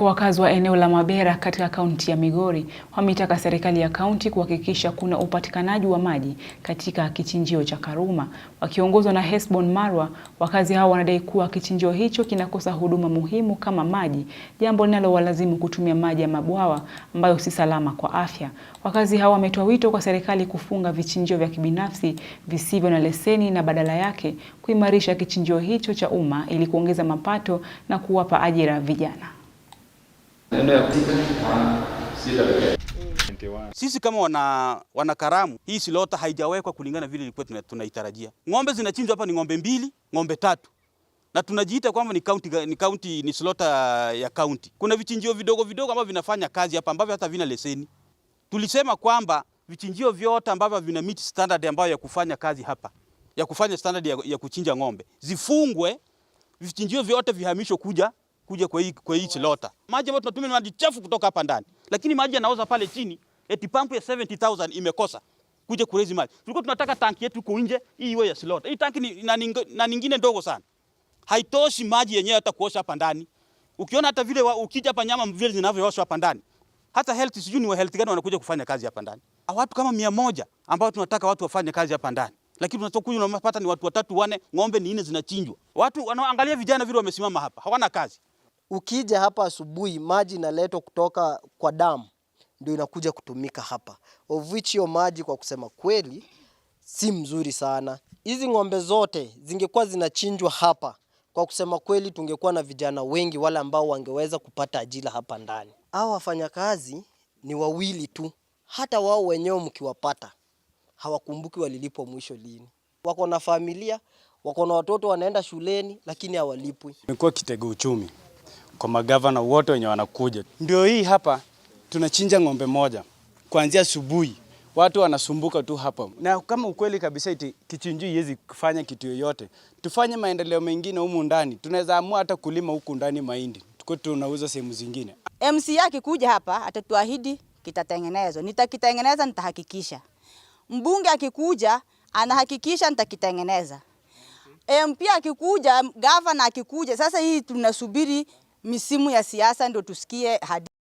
Kwingineko, wakazi wa eneo la Mabera katika kaunti ya Migori wameitaka serikali ya kaunti kuhakikisha kuna upatikanaji wa maji katika kichinjio cha Karuma. Wakiongozwa na Hesbon Marwa, wakazi hao wanadai kuwa kichinjio hicho kinakosa huduma muhimu kama maji, jambo linalowalazimu kutumia maji ya mabwawa ambayo si salama kwa afya. Wakazi hao wametoa wito kwa serikali kufunga vichinjio vya kibinafsi visivyo na leseni na badala yake kuimarisha kichinjio hicho cha umma ili kuongeza mapato na kuwapa ajira vijana. Sisi kama wana, wana Karamu, hii silota haijawekwa kulingana vile ilikuwa tunaitarajia. Ng'ombe zinachinjwa hapa ni ng'ombe mbili, ng'ombe tatu na tunajiita kwamba ni county, ni county, ni slota ya county. Kuna vichinjio vidogo vidogo ambavyo vinafanya kazi hapa ambavyo hata vina leseni. Tulisema kwamba vichinjio vyote ambavyo vina meet standard ambayo ya kufanya kazi hapa ya kufanya standard ya, ya kuchinja ng'ombe zifungwe, vichinjio vyote vihamishwe kuja kuja kwa hii kwa hii chilota. Maji ambayo tunatumia ni maji chafu kutoka hapa ndani. Lakini maji yanaoza pale chini, eti pampu ya 70000 imekosa kuja kurezi maji. Tulikuwa tunataka tanki yetu iko nje, hii iwe ya chilota. Hii tanki ni na ning, na nyingine ndogo sana. Haitoshi maji yenyewe hata kuosha hapa ndani. Ukiona hata vile wa, ukija hapa nyama vile zinavyooshwa hapa ndani. Hata health sijui ni wa health gani wanakuja kufanya kazi hapa ndani. Watu kama mia moja ambao tunataka watu wafanye kazi hapa ndani. Lakini tunachokuja unapata ni watu watatu wane, ng'ombe ni nne zinachinjwa. Watu wanaangalia vijana vile wamesimama hapa, hawana kazi. Ukija hapa asubuhi, maji inaletwa kutoka kwa damu ndio inakuja kutumika hapa, of which hiyo maji kwa kusema kweli si mzuri sana. Hizi ng'ombe zote zingekuwa zinachinjwa hapa, kwa kusema kweli tungekuwa na vijana wengi wale ambao wangeweza kupata ajira hapa ndani. Hao wafanyakazi ni wawili tu, hata wao wenyewe mkiwapata hawakumbuki walilipwa mwisho lini. Wako na familia, wako na watoto wanaenda shuleni, lakini hawalipwi. Imekuwa kitega uchumi kwa magavana wote wenye wanakuja. Ndio hii hapa tunachinja ng'ombe moja kuanzia asubuhi, watu wanasumbuka tu hapa, na kama ukweli kabisa iti kichinjio iwezi kufanya kitu yoyote, tufanye maendeleo mengine humu ndani. Tunaweza amua hata kulima huku ndani mahindi, tuko tunauza sehemu zingine. MC yake kuja hapa atatuahidi kitatengenezwa, nitakitengeneza, nitahakikisha. Mbunge akikuja anahakikisha nitakitengeneza. MP akikuja, gavana akikuja. Sasa hii tunasubiri misimu ya siasa ndo tusikie hadi